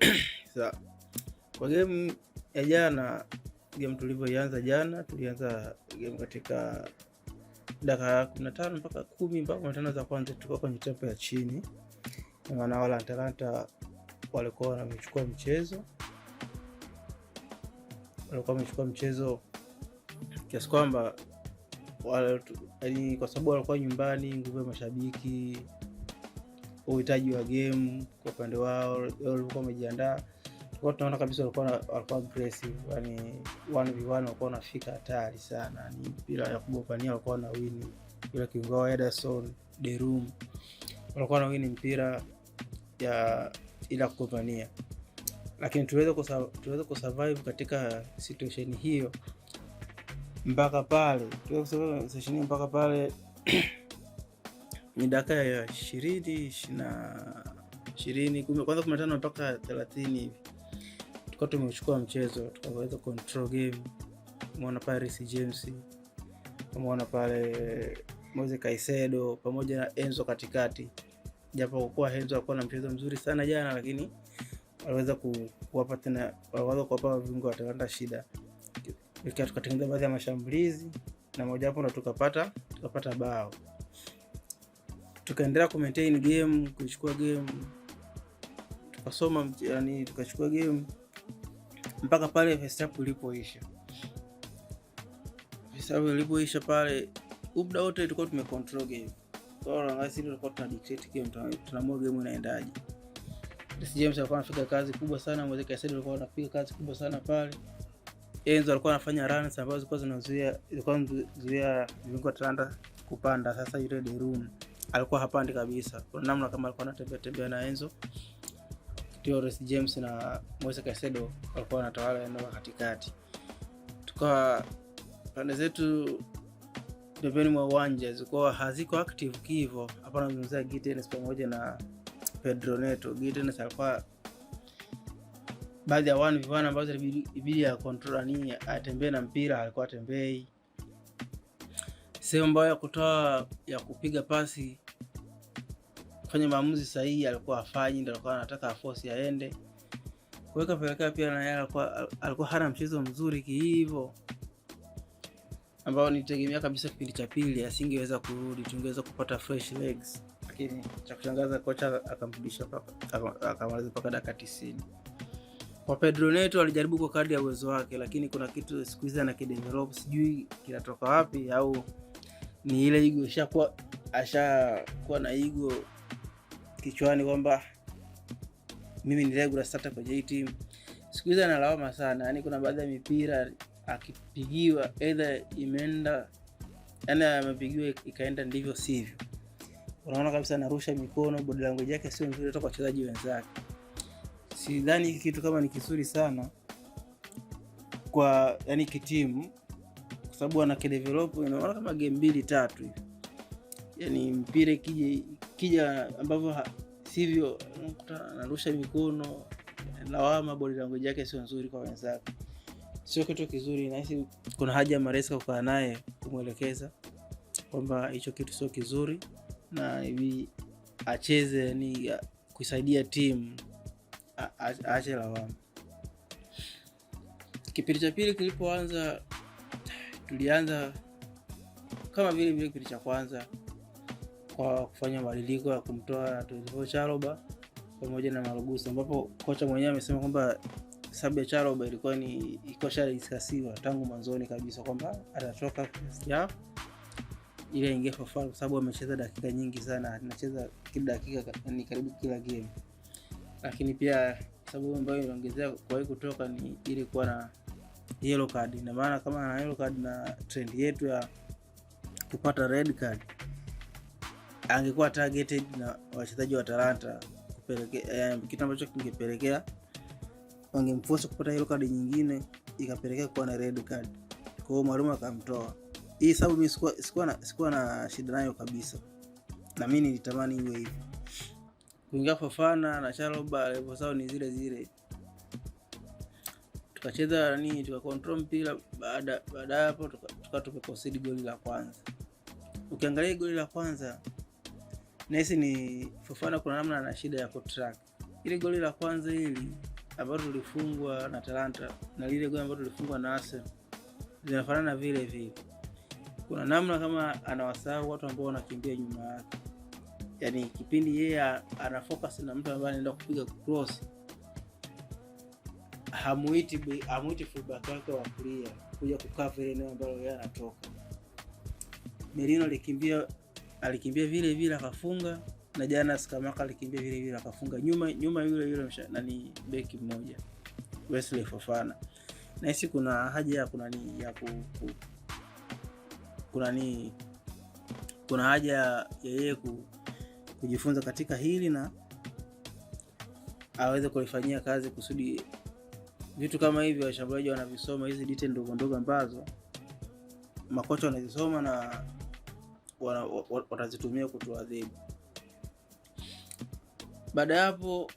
Sa kwa game ya jana, game tulivyoianza jana, tulianza game katika dakika kumi na tano mpaka kumi mpaka kumi na tano za kwanza tulikuwa kwenye tempo ya chini, maana wala Atalanta walikuwa wamechukua mchezo walikuwa wamechukua mchezo kiasi kwamba, yani kwa sababu walikuwa nyumbani, nguvu ya mashabiki uhitaji wa game kwa upande wao walikuwa wamejiandaa, kwa tunaona kabisa walikuwa walikuwa aggressive, yani 1 v 1 walikuwa wanafika hatari sana, ni bila ya kubopania, walikuwa na win bila kiungo wa Ederson De Room walikuwa na win mpira ya ila kubopania, lakini tuweze tuweze kusurvive katika situation hiyo mpaka pale tuweze kusurvive situation mpaka pale ni dakika ya ishirini ishirini kwanza kumi na tano mpaka thelathini hivi tukawa tumeuchukua mchezo tukaweza control game. Umeona pale Reece James, umeona pale Moise kaisedo pamoja na Enzo katikati, japo kuwa Enzo alikuwa na mchezo mzuri sana jana, lakini waliweza kuwapa tena waliweza kuwapa viungo wa Atalanta shida. Tukatengeneza baadhi ya mashambulizi na mojawapo ndo tukapata tukapata bao tukaendelea ku maintain game, kuchukua game, tukasoma yani, tukachukua game mpaka pale first half ilipoisha. First ilipoisha pale, muda wote tulikuwa tume control game kwa tulikuwa tuna dictate game, tunaamua game inaendaje. James alikuwa anafika kazi kubwa sana, Moises Caicedo alikuwa anafika kazi kubwa sana pale. Enzo alikuwa anafanya runs ambazo zilikuwa zinazuia zilikuwa zinazuia Atalanta kupanda. Sasa yule De Roon alikuwa hapandi kabisa. Kuna namna kama alikuwa anatembea tembea na Enzo Torres James na Moise Caicedo walikuwa wanatawala eneo la katikati, tukawa pande zetu pembeni mwa uwanja zikuwa haziko active kivo. Hapa namzungumzia Gittens pamoja na Pedro Neto. Gittens alikuwa baadhi ya one vivana ambazo ilibidi ya control nini atembee na mpira, alikuwa atembei sehemu ambayo ya kutoa ya kupiga pasi kufanya maamuzi sahihi alikuwa afanyi, ndio alikuwa anataka afosi aende kuweka pelekea Pia na yeye alikuwa alikuwa hana mchezo mzuri kihivyo, ambao nitegemea kabisa kipindi cha pili asingeweza kurudi, tungeweza kupata fresh legs, lakini cha kushangaza kocha akamrudisha akamaliza mpaka dakika tisini. Kwa Pedro Neto alijaribu kwa kadri ya uwezo wake, lakini kuna kitu siku hizi anakidevelop, sijui kinatoka wapi au ni ile igo ishakuwa ashakuwa na igo kichwani kwamba mimi ni regular starter kwenye hii timu. Siku hizi analawama sana, yani kuna baadhi ya mipira akipigiwa either imeenda yani amepigiwa ikaenda ndivyo sivyo, unaona kabisa anarusha mikono, body language yake sio nzuri hata kwa wachezaji wenzake. Sidhani hiki kitu kama ni kizuri sana kwa yani kitimu sababu ana kidevelop inaona kama game mbili tatu hivi, yani mpira kija kija ambavyo sivyo, unakuta anarusha mikono lawama, body language yake sio nzuri kwa wenzake, sio kitu kizuri. Nahisi kuna haja ya Maresca kukaa naye kumwelekeza kwamba hicho kitu sio kizuri na hivi acheze ni kuisaidia timu aache lawama. Kipindi cha pili kilipoanza tulianza kama vile vile kipindi cha kwanza kwa kufanya mabadiliko ya kumtoa Tolivo Charoba pamoja na Maruguso, ambapo kocha mwenyewe amesema kwamba sababu ya Charoba ilikuwa ni ikosha diskasiwa tangu mwanzoni kabisa kwamba atatoka ya ili aingie Fafana kwa sababu amecheza dakika nyingi sana, anacheza kila dakika ni karibu kila game, lakini pia sababu ambayo inaongezea kwa hiyo kutoka ni ili kuwa na yellow card. Ina maana kama ana yellow card na trend yetu ya kupata red card, angekuwa targeted na wachezaji wa Atalanta kupelekea, eh, kitu ambacho kingepelekea wangemforce kupata yellow card nyingine ikapelekea kuwa na red card. Kwa hiyo mwalimu akamtoa. Hii sababu mimi sikuwa sikuwa na, sikuwa na shida nayo kabisa, na mimi nilitamani iwe hivyo. Kuingia Fofana na Chalobah level zao ni zile zile tukacheza nini, tukakontrol mpira. Baada baada ya hapo tukawa tumekosidi goli la kwanza. Ukiangalia goli la kwanza nahisi ni Fofana, kuna namna ana shida ya kutrack ile goli la kwanza hili ambalo tulifungwa na Talanta na lile goli ambalo tulifungwa na Arsenal zinafanana vile vile. Kuna namna kama anawasahau watu ambao wanakimbia nyuma yake, yaani kipindi yeye ana focus na mtu ambaye anaenda kupiga cross hamuiti hamuiti fullback wake wa kulia kuja kukava ile eneo ambalo yeye anatoka. Merino alikimbia alikimbia vile vile akafunga, na jana Skamaka alikimbia vile vile akafunga, nyuma nyuma yule yule nani beki mmoja Wesley Fofana. Nahisi kuna haja ya kuna ni ya ku, ku, kuna ni kuna haja ya yeye ku, kujifunza katika hili na aweze kulifanyia kazi kusudi vitu kama hivi washambuliaji wanavisoma, hizi detail ndogo ndogo ambazo makocha wanazisoma na watazitumia kutuadhibu. Baada ya hapo,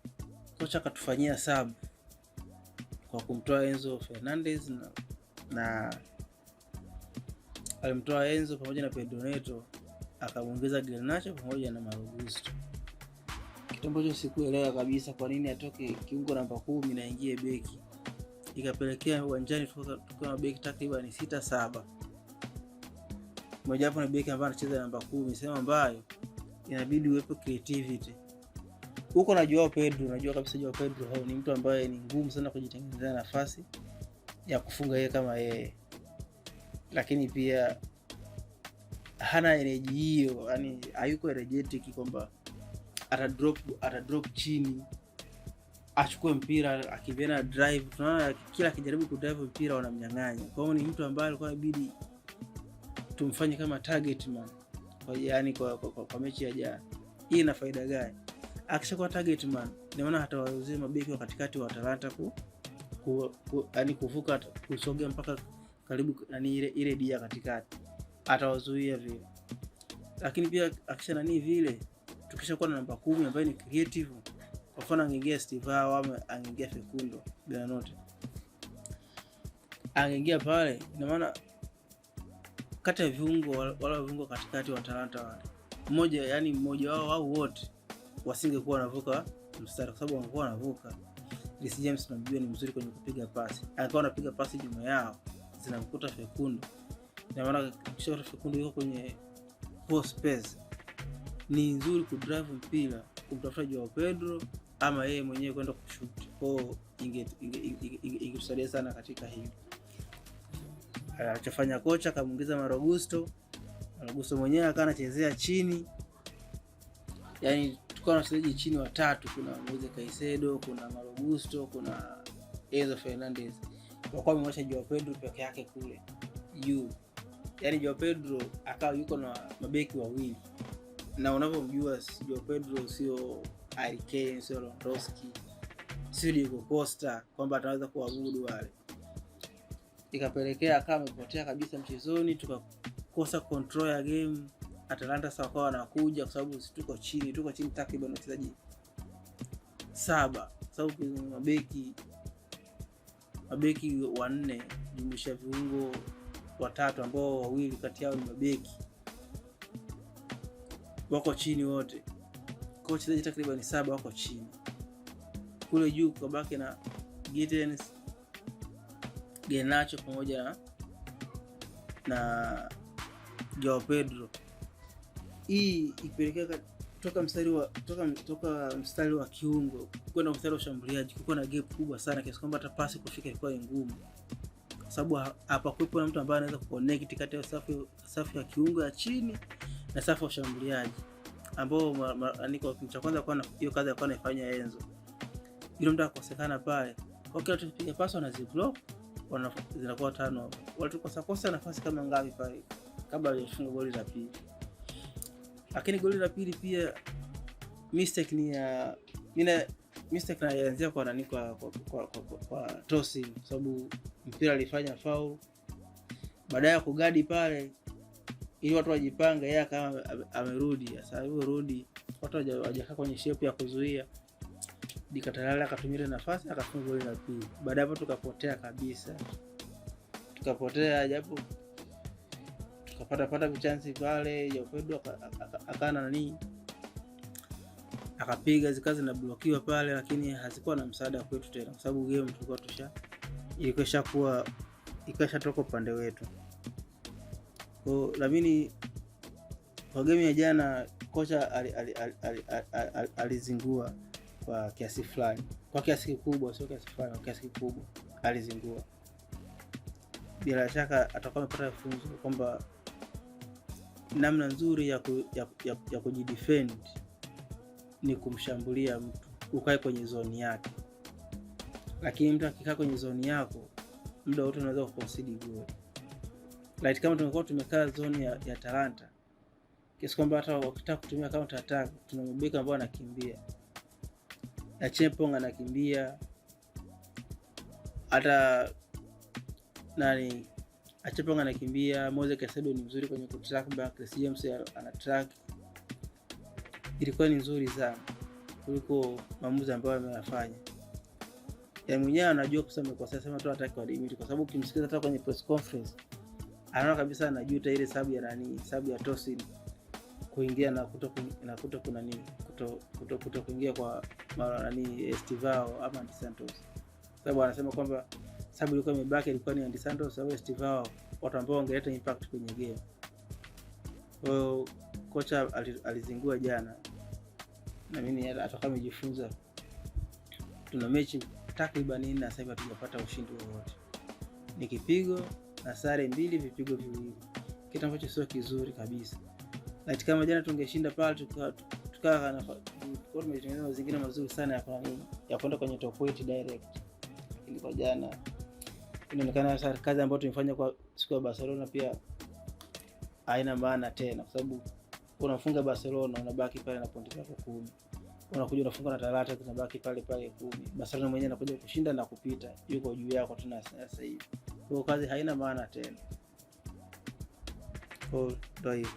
kocha akatufanyia sub kwa kumtoa Enzo Fernandez na, na alimtoa Enzo pamoja na Pedro Neto akamwongeza Garnacho pamoja na Marogusto, kitu ambacho sikuelewa kabisa kwa nini atoke kiungo namba kumi na ingie beki ikapelekea uwanjani tukiwa na beki takriban sita saba. Mojawapo ni beki ambaye anacheza namba kumi, sehemu ambayo inabidi uwepo creativity huko. Joao Pedro, najua kabisa Joao Pedro hao ni mtu ambaye ni ngumu sana kujitengenezea nafasi ya kufunga yeye kama yeye, lakini pia hana energy hiyo, yani hayuko energetic kwamba atadrop atadrop chini achukue mpira akiviana drive, tunaona kila akijaribu kudrive mpira wanamnyang'anya. Kwa hiyo ni mtu ambaye alikuwa inabidi tumfanye kama target man kwa, yani kwa, kwa, kwa, kwa mechi ya jana. Hii ina faida gani? Akishakuwa target man, naona hata wazee mabeki wa katikati wa Atalanta ku, ku, ku, yani kuvuka kusogea mpaka karibu nani ile ile dia katikati, atawazuia vile. Lakini pia akisha nani vile, tukishakuwa na namba kumi ambayo ni creative kwa mfano angeingia Steve Awa ama angeingia Fekundo Bilanote, angeingia pale, ina maana kati ya viungo wala viungo katikati wa Atalanta wale mmoja, yani mmoja wao au wote wasingekuwa wanavuka mstari, kwa sababu wangekuwa wanavuka. Reece James tunamjua ni mzuri kwenye kupiga pasi, angekuwa anapiga pasi nyuma yao zinamkuta Fekundo, ina maana kisha Fekundo yuko kwenye post space, ni nzuri kudrive mpira kumtafuta Joao Pedro ama yeye mwenyewe kwenda kushuti kwao, ingetusaidia sana katika hilo. Eh, alichofanya kocha akamwingiza Marogusto, Marogusto mwenyewe akawa anachezea chini, yani tukawa na wachezaji chini watatu, kuna Moises Caicedo, kuna Marogusto, kuna Enzo Fernandez. Walikuwa wamemwacha Joao Pedro peke yake kule juu, yani Joao Pedro akawa yuko na mabeki wawili, na unavyomjua Joao Pedro sio Harikane, sio Lewandowski, sio Diego Costa kwamba ataweza kuabudu wale, ikapelekea kama amepotea kabisa mchezoni, tukakosa control ya game. Atalanta sasa wakawa wanakuja kwa sababu tuko chini, tuko chini takriban wachezaji saba, sababu mabeki mabeki wanne jumlisha viungo watatu ambao wawili kati yao ni mabeki wako chini wote wachezaji takriban saba wako chini. Kule juu kwa na Gittens, genacho pamoja na Joao Pedro. Hii ikipelekea toka mstari wa toka, toka mstari wa kiungo kwenda mstari wa ushambuliaji kuko na gap kubwa sana kiasi kwamba hata pasi kufika ilikuwa ngumu, kwa sababu hapakuwepo na mtu ambaye anaweza kuconnect kati ya safu ya kiungo ya chini na safu ya ushambuliaji ambao cha kwanza kwa hiyo kazi alikuwa anaifanya Enzo, yule mtu akakosekana pale, okay, tunapiga pasi na ziblock zinakuwa tano, walikosa kosa nafasi kama ngapi pale kabla hajafunga goli la pili. Lakini goli la pili pia mistake ni ya mimi mistake na yanzia kwa nani, kwa kwa, kwa, kwa, kwa, kwa tosi, kwa sababu mpira alifanya foul baada ya kugadi pale ili watu wajipange. Yeye kama amerudi sasa, rudi watu hawajakaa kwenye shepu ya kuzuia. Dikatalala akatumia nafasi akafunga goli la pili. Baada hapo tukapotea kabisa, tukapotea japo tukapata pata vichansi pale. Jaupedo akaa na nani akapiga zikawa zinablokiwa pale, lakini hazikuwa na msaada kwetu tena, kwa sababu game tulikuwa tusha ilikuwa ishakuwa ikashatoka upande wetu. Kwa Lamini kwa game ya jana kocha alizingua kwa kiasi fulani, kwa kiasi kikubwa, sio kiasi fulani, kwa kiasi kikubwa alizingua. Bila shaka atakuwa amepata funzo kwamba namna nzuri ya, ku, ya, ya, ya kujidefend ni kumshambulia mtu ukae kwenye zoni yake, lakini mtu akikaa kwenye zoni yako muda wote unaweza kuconcede goli right, kama tungekuwa tumekaa zone ya, ya Talanta kiasi kwamba hata wakitaka kutumia counter attack tuna mabeki ambao anakimbia na Chempong anakimbia hata nani Achepong anakimbia, Moze Caicedo ni mzuri kwenye kutrack back, Chris James ana track. Ilikuwa ni nzuri sana kuliko maamuzi ambayo ameyafanya yeye yaani mwenyewe. Anajua kusema kwa sasa, sema tu hataki wadimiti, kwa sababu ukimsikiliza hata kwenye press conference anaona kabisa anajuta ile sababu ya nani, sababu ya tosin kuingia na kuto na kuto kuna nini kuto, kuto, kuto kuingia kwa mara nani Estivao ama Andy Santos, sababu anasema kwamba sababu ilikuwa imebaki ilikuwa ni Andy Santos au Estivao, watu ambao wangeleta impact kwenye game. Kwa hiyo kocha alizingua jana, na mimi atakuwa amejifunza. Tuna mechi takriban nne na sasa hivi hatujapata ushindi wowote, ni kipigo na sare mbili vipigo viwili, kitu ambacho sio kizuri kabisa. Lakini kama jana tungeshinda pale, tukawa tumetengeneza mazingira mazuri sana ya ya kwenda kwenye top 8 direct, kwa jana inaonekana sasa kazi ambayo tumefanya kwa siku ya Barcelona pia haina maana tena, kwa sababu unafunga Barcelona unabaki pale na pointi zako kumi, unakuja unafunga na Talata unabaki pale pale kumi. Barcelona mwenyewe anakuja kushinda na kupita, yuko juu yako tena sasa hivi kwa kazi haina maana tena. hivyo.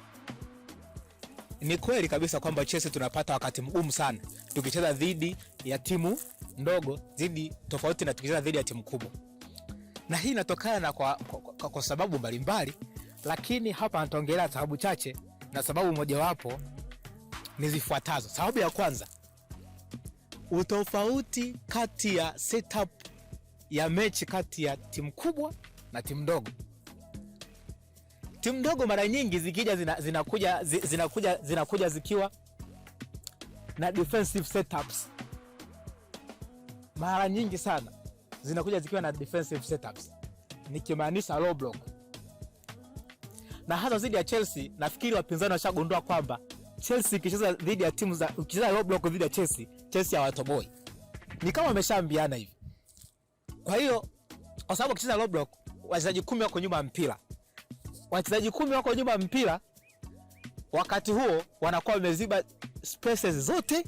Ni kweli kabisa kwamba Chelsea tunapata wakati mgumu sana tukicheza dhidi ya timu ndogo dhidi tofauti na tukicheza dhidi ya timu kubwa, na hii inatokana na kwa, kwa, kwa, kwa sababu mbalimbali, lakini hapa nitaongelea sababu chache, na sababu mojawapo ni zifuatazo. Sababu ya kwanza, utofauti kati ya setup ya mechi kati ya timu kubwa na timu ndogo. Timu ndogo mara nyingi zikija zinakuja zina zinakuja zinakuja zikiwa na defensive setups, mara nyingi sana zinakuja zikiwa na defensive setups, nikimaanisha low block, na hasa dhidi ya Chelsea. Nafikiri wapinzani washagundua kwamba Chelsea ikicheza dhidi ya timu za ukicheza low block dhidi ya Chelsea, Chelsea hawatoboi, ni kama wameshaambiana hivi kwa hiyo kwa sababu wakicheza Roblox wachezaji kumi wako nyuma ya mpira, wachezaji kumi wako nyuma mpira, wakati huo wanakuwa wameziba spaces zote,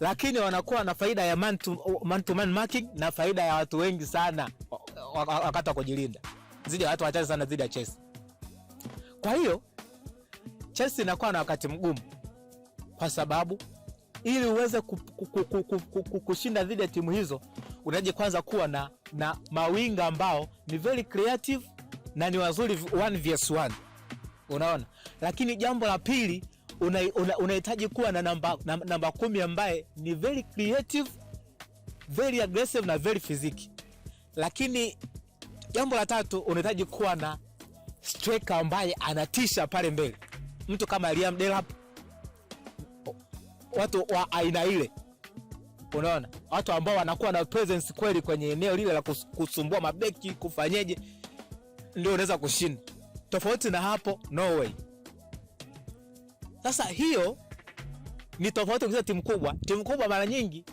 lakini wanakuwa na faida ya man to man, marking na faida ya watu wengi sana wakati wa kujilinda zidi ya watu wachache sana zidi ya chesi Kwa hiyo chesi inakuwa na wakati mgumu kwa sababu ili uweze kushinda dhidi ya timu hizo, unaje kwanza kuwa na, na mawinga ambao ni very creative na ni wazuri one vs one, unaona. Lakini jambo la pili unahitaji una, una kuwa na namba, na, namba kumi ambaye ni very creative, very aggressive na very physique Lakini jambo la tatu unahitaji kuwa na striker ambaye anatisha pale mbele, mtu kama Liam Delap watu wa aina ile, unaona, watu ambao wanakuwa na presence kweli kwenye eneo lile la kusumbua mabeki, kufanyeje, ndio unaweza kushinda. Tofauti na hapo no way. Sasa hiyo ni tofauti kwa timu kubwa. Timu kubwa mara nyingi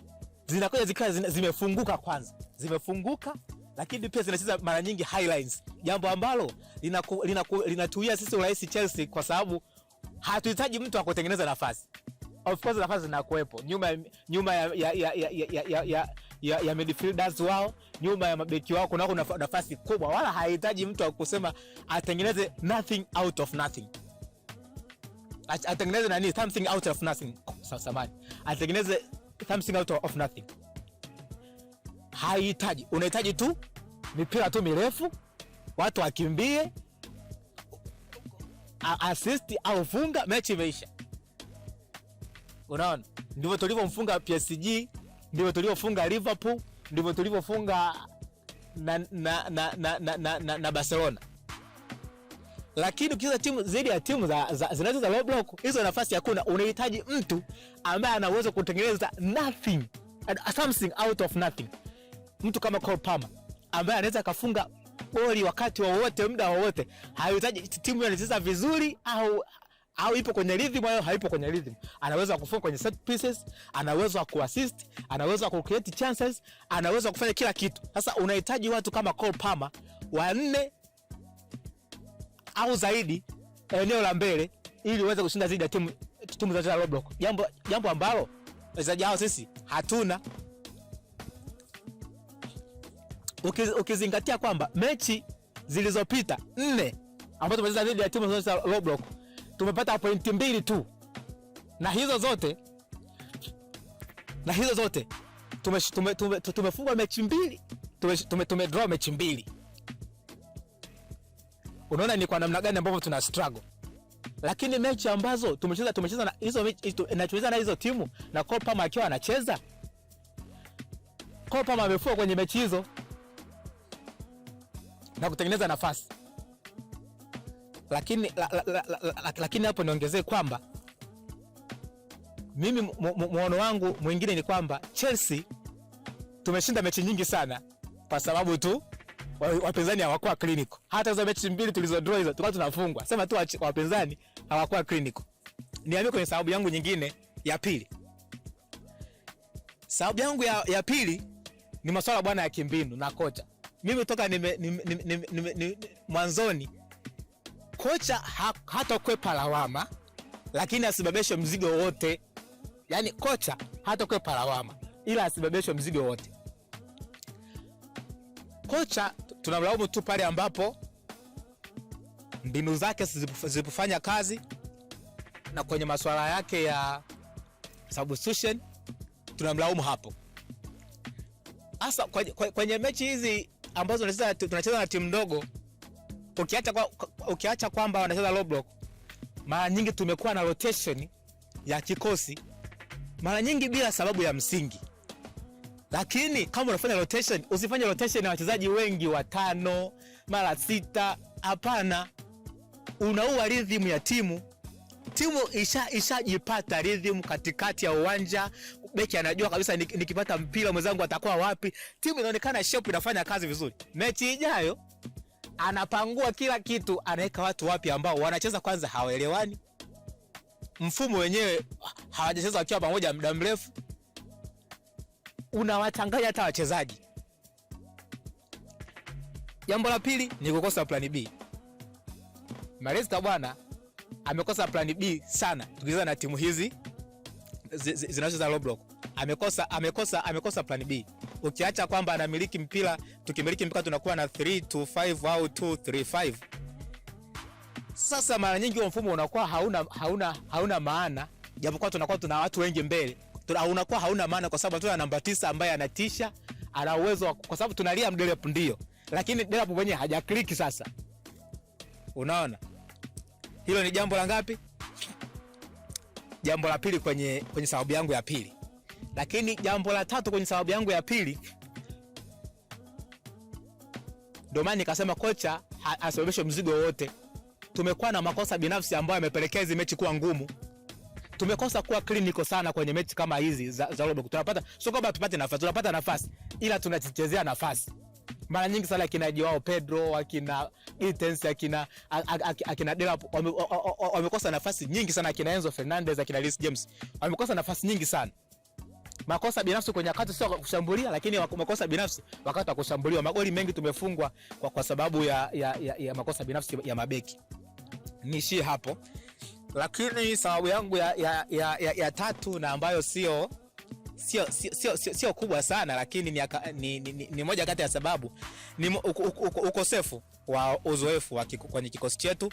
zinakuja zikaa zimefunguka, kwanza zimefunguka, lakini pia zinacheza mara nyingi highlines, jambo ambalo linatuia sisi urahisi Chelsea, kwa sababu hatuhitaji mtu akutengeneza nafasi of course nafasi zinakuwepo nyuma, nyuma ya, ya, ya, ya, ya, ya, ya, ya, ya midfielders wao, nyuma ya mabeki wao kunako nafasi kubwa, wala hahitaji mtu akusema atengeneze nothing out of nothing, atengeneze nani, something out of nothing, samani, atengeneze something out of nothing. Haihitaji, unahitaji tu mipira tu mirefu, watu wakimbie, assist au funga, mechi imeisha. Unaona, ndivyo tulivyomfunga PSG, ndivyo tulivyofunga Liverpool, ndivyo tulivyofunga na, na, na, na, na, na, na Barcelona. Lakini ukicheza timu zaidi ya timu za, za, zinazocheza low block, hizo nafasi hakuna. Unahitaji mtu ambaye ana uwezo kutengeneza nothing, and something out of nothing, mtu kama Cole Palmer ambaye anaweza akafunga goli wakati wowote wa muda wowote wa, hahitaji timu inacheza vizuri au au ipo kwenye rhythm au haipo kwenye rhythm. Anaweza kufunga kwenye set pieces, anaweza kuassist, anaweza ku create chances, anaweza kufanya kila kitu. Sasa unahitaji watu kama Cole Palmer wanne au zaidi eneo la mbele ili uweze kushinda zaidi ya timu timu za Real Roblox. Jambo jambo ambalo wachezaji hao sisi hatuna. Ukiz, ukizingatia kwamba mechi zilizopita nne ambazo tumecheza dhidi ya timu za Roblox tumepata pointi mbili tu, na hizo zote na hizo zote tumefungwa mechi mbili tume, tume, draw mechi mbili. Unaona ni kwa namna gani ambavyo tuna struggle, lakini mechi ambazo tumecheza tumecheza na hizo na hizo timu na Kopama akiwa anacheza Kopama amefua kwenye mechi hizo na kutengeneza nafasi lakini la, la, la, la, la, lakini hapo niongezee kwamba mimi muono wangu mwingine ni kwamba Chelsea tumeshinda mechi nyingi sana kwa sababu tu wapinzani hawakuwa clinical. Hata hizo mechi mbili tulizo draw hizo tulikuwa tunafungwa, sema tu wapinzani hawakuwa clinical. Niambie kwenye sababu yangu nyingine ya pili. Sababu yangu ya, ya pili ni masuala bwana ya kimbinu na kocha. Mimi toka nime, nime, nime, nime, nime, nime, mwanzoni kocha ha, hatakwepa lawama, lakini asibebeshwe mzigo wote. Yani kocha hatakwepa lawama, ila asibebeshwe mzigo wote. Kocha tunamlaumu tu pale ambapo mbinu zake zilipofanya kazi na kwenye masuala yake ya substitution tunamlaumu hapo hasa kwenye, kwenye mechi hizi ambazo tunacheza na timu ndogo ukiacha kwa, ukiacha kwamba wanacheza low block, mara nyingi tumekuwa na rotation ya kikosi mara nyingi bila sababu ya msingi. Lakini kama unafanya rotation, usifanye rotation ya wachezaji wengi watano mara sita. Hapana, unaua rhythm ya timu. Timu isha ishajipata rhythm katikati ya uwanja, beki anajua kabisa nikipata mpira mwenzangu atakuwa wapi. Timu inaonekana shop inafanya kazi vizuri. Mechi ijayo anapangua kila kitu, anaweka watu wapya ambao wanacheza kwanza hawaelewani, mfumo wenyewe hawajacheza wakiwa pamoja muda mrefu, unawachanganya hata wachezaji. Jambo la pili ni kukosa plani B. Maresca bwana amekosa plani B sana, tukicheza na timu hizi zinazocheza low block amekosa amekosa amekosa plan B. Ukiacha kwamba anamiliki mpira, tukimiliki mpira tunakuwa na 3 325 au 2 235. Sasa mara nyingi huo mfumo unakuwa hauna hauna hauna maana, japokuwa tunakuwa tuna watu wengi mbele. Unakuwa hauna maana kwa sababu tuna namba tisa ambaye anatisha, ana uwezo kwa sababu tunalia Delap ndio, lakini Delap mwenyewe hajakliki. Sasa unaona hilo ni jambo la ngapi? Jambo la pili kwenye, kwenye sababu yangu ya pili lakini jambo la tatu kwenye sababu yangu ya pili, ndio maana nikasema kocha asibebeshe mzigo wote. Tumekuwa na makosa binafsi ambayo yamepelekea hizi mechi kuwa ngumu. Tumekosa kuwa kliniko sana kwenye mechi kama hizi za, za robo. Tunapata sio kwamba tupate nafasi, tunapata nafasi ila tunachezea nafasi mara nyingi sana akina Joao Pedro akina Itens akina akina Delap wamekosa nafasi nyingi sana, akina Enzo Fernandez akina Reece James wamekosa nafasi nyingi sana makosa binafsi kwenye wakati sio kushambulia, lakini makosa binafsi wakati wa kushambuliwa. Magoli mengi tumefungwa kwa, kwa sababu ya, ya, ya, ya makosa binafsi ya mabeki. Niishie hapo, lakini sababu yangu ya, ya, ya, ya, ya tatu na ambayo sio sio sio sio sio, sio kubwa sana lakini ni, ni, ni, ni moja kati ya sababu ni ukosefu wa uzoefu wa kiku, kwenye kikosi chetu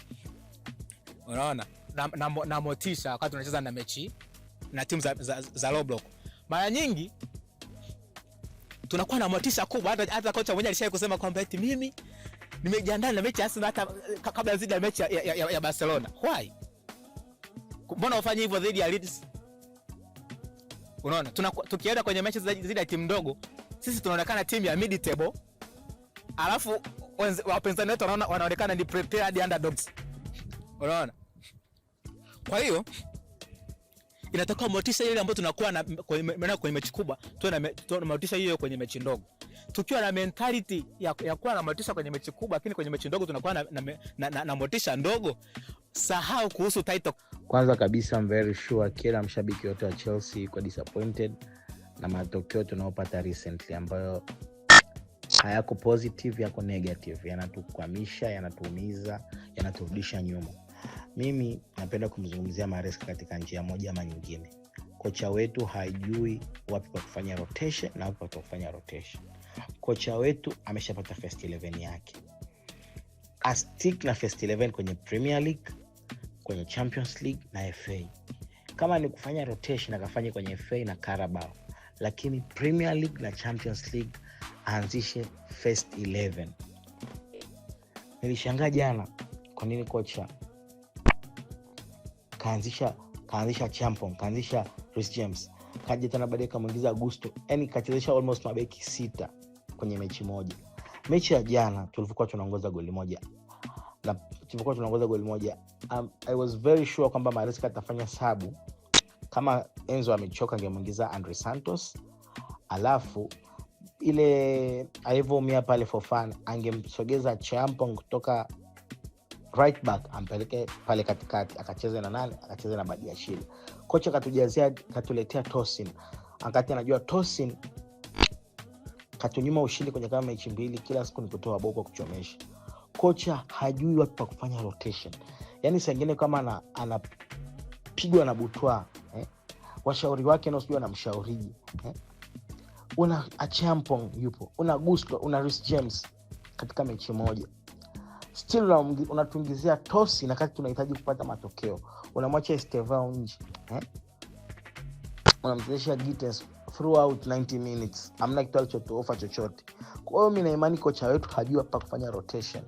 unaona na, na, na motisha wakati tunacheza na mechi na timu za, za, za low block mara nyingi tunakuwa na motisha kubwa. Hata, hata kocha mwenyewe alishaye kusema kwamba eti mimi nimejiandaa na mechi Arsenal hata eh, kabla zidi ya mechi ya, ya, ya Barcelona. Why? Mbona ufanye hivyo dhidi ya Leeds? Unaona, tukienda kwenye mechi zidi ya timu ndogo sisi tunaonekana timu ya mid table, alafu wapinzani wetu wanaonekana ni prepared underdogs. Unaona, kwa hiyo inatakiwa motisha ile ambayo tunakuwa na kwenye mechi kubwa tuwe na motisha hiyo kwenye mechi ndogo. Tukiwa na mentality ya, ya kuwa na motisha kwenye mechi kubwa, lakini kwenye mechi ndogo tunakuwa na, na, na, na, na motisha ndogo. Sahau kuhusu title. Kwanza kabisa I'm very sure kila mshabiki wote wa Chelsea kwa disappointed na matokeo tunayopata recently ambayo hayako positive, yako negative, yanatukwamisha, yanatuumiza, yanaturudisha nyuma. Mimi napenda kumzungumzia Maresca katika njia moja ama nyingine. Kocha wetu hajui wapi pa kufanya rotation na wapi pa kufanya rotation. Kocha wetu ameshapata first 11 yake, astik na first 11 kwenye Premier League, kwenye Champions League na FA. Kama ni kufanya rotation akafanye kwenye FA na Carabao, lakini Premier League na Champions League aanzishe first 11. Nilishangaa jana kwa nini kocha akaanzisha kaanzisha champon kaanzisha chris James, kaja tena baadaye kamwingiza Gusto, yani kachezesha almost mabeki sita kwenye mechi moja. Mechi ya jana tulivokuwa tunaongoza goli moja na tulivokuwa tunaongoza goli moja um, I was very sure kwamba Maresca atafanya sabu kama Enzo amechoka angemwingiza Andre Santos alafu ile alivyoumia pale fofan angemsogeza champon kutoka right back ampeleke pale katikati akacheze na nane akacheze na badiashili kocha katujazia katuletea tosin akati anajua tosin katunyuma ushindi kwenye kama mechi mbili kila siku ni kutoa boko kwa kuchomesha kocha hajui watu pa kufanya rotation yaani sengine kama anapigwa na butwa eh? washauri wake nao sijui anamshauriji eh? una achampong yupo una gusto una Rhys james katika mechi moja still unatuingizia tosi na kati tunahitaji kupata matokeo unamwacha estevao nje eh? unamchezesha gites throughout 90 minutes amna kitu alichotuofa chochote kwa hiyo mi naimani kocha wetu hajua pa kufanya rotation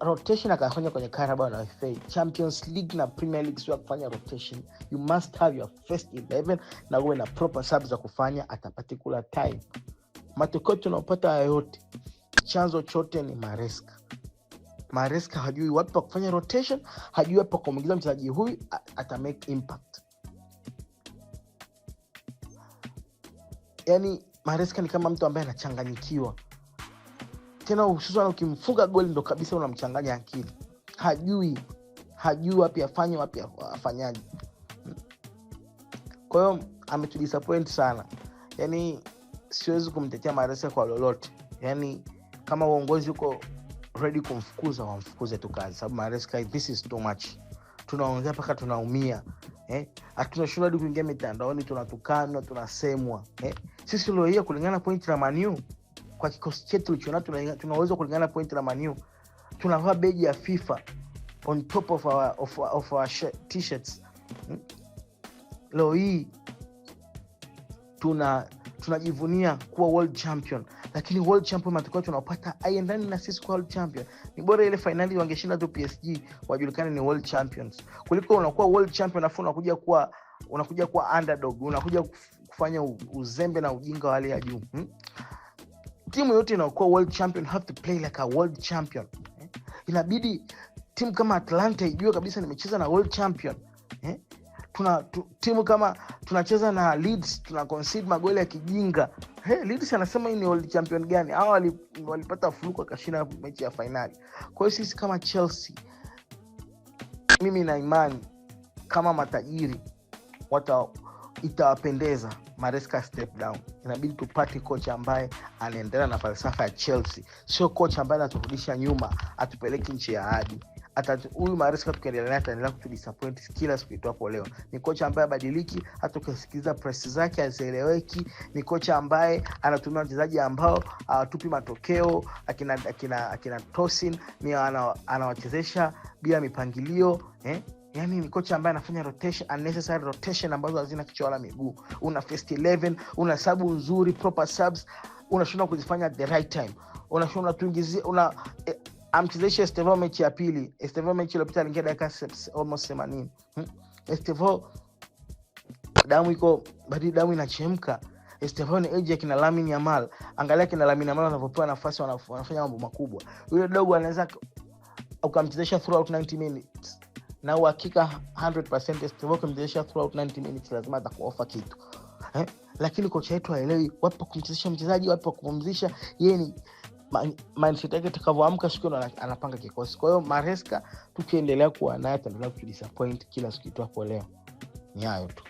rotation akafanya kwenye karaba na fa champions league na premier league sio rotation you must have your first 11 na uwe na proper sub za kufanya time matokeo tunaopata chanzo chote ni Maresca. Maresca hajui wapi pa kufanya rotation, hajui wapi pa kumwingiza mchezaji huyu ata make impact. yani Maresca ni kama mtu ambaye anachanganyikiwa, tena hususan ukimfunga goli ndo kabisa unamchanganya akili, hajui hajui wapi afanye wapi afanyaji Kwa hiyo ametudisappoint sana, yani siwezi kumtetea Maresca kwa lolote, yani kama uongozi uko redi kumfukuza wamfukuze tu kazi, sababu this is too much. Tunaongea mpaka tunaumia eh? shule hadi kuingia mitandaoni, tunatukanwa, tunasemwa eh? Sisi leo hii kulingana point la Manu kwa kikosi chetu tulichona, tunaweza kulingana point la Manu. Tunavaa beji ya FIFA on top of our, of, of our t-shirts hmm? Leo hii tuna tunajivunia kuwa world champion lakini world champion matokeo tunapata aiendani na sisi kwa world champion. Ni bora ile fainali wangeshinda tu PSG, wajulikane ni world champions, kuliko unakuwa world champion afu unakuja kuwa unakuja kuwa underdog, unakuja kufanya uzembe na ujinga wa hali ya juu hmm? Timu yote inayokuwa world champion have to play like a world champion eh? Inabidi timu kama Atlanta ijue kabisa nimecheza na world champion eh? tuna tu, timu kama tunacheza na Leeds tuna concede magoli ya kijinga. Hey, Leeds anasema hii ni world champion gani? Hao walipata furuku akashinda mechi ya fainali. Kwa hiyo sisi kama Chelsea, mimi na imani kama matajiri wata itawapendeza Maresca step down. Inabidi tupate kocha ambaye anaendelea na falsafa ya Chelsea, sio kocha ambaye anaturudisha nyuma, atupeleke nchi ya ahadi huyu maarisa tukiendelea naye ataendelea kutudisappoint kila siku itwapo leo. Ni kocha ambaye abadiliki, hata ukisikiliza pres zake azieleweki Ni kocha ambaye anatumia wachezaji ambao hawatupi ah, matokeo. Akina akina akina Tosin ni anawachezesha ana bila mipangilio eh? Yaani ni kocha ambaye anafanya rotation, unnecessary rotation ambazo hazina kichwa wala miguu. Una first 11, una sabu nzuri, proper subs, unashindwa kuzifanya at the right time, unashindwa tuingizia una, una, una eh, amchezeshe Estevo mechi ya pili. Estevo mechi iliopita aliingia dakika almost themanini. Hmm? Estevo damu iko badi damu inachemka. Estevo ni ya kina Lamine Yamal. Angalia kina Lamine Yamal wanavyopewa nafasi, wanafanya mambo makubwa. Yule dogo anaweza ukamchezesha throughout 90 minutes na uhakika 100% Estevo kumchezesha throughout 90 minutes lazima atakuofa kitu eh? Lakini kocha wetu haelewi wapi kumchezesha mchezaji, wapi kupumzisha. Yeye ni mindset yake itakavyoamka siku anapanga kikosi kwa hiyo mareska tukiendelea kuwa naye ataendelea kutudisappoint kila siku itwapo leo ni hayo tu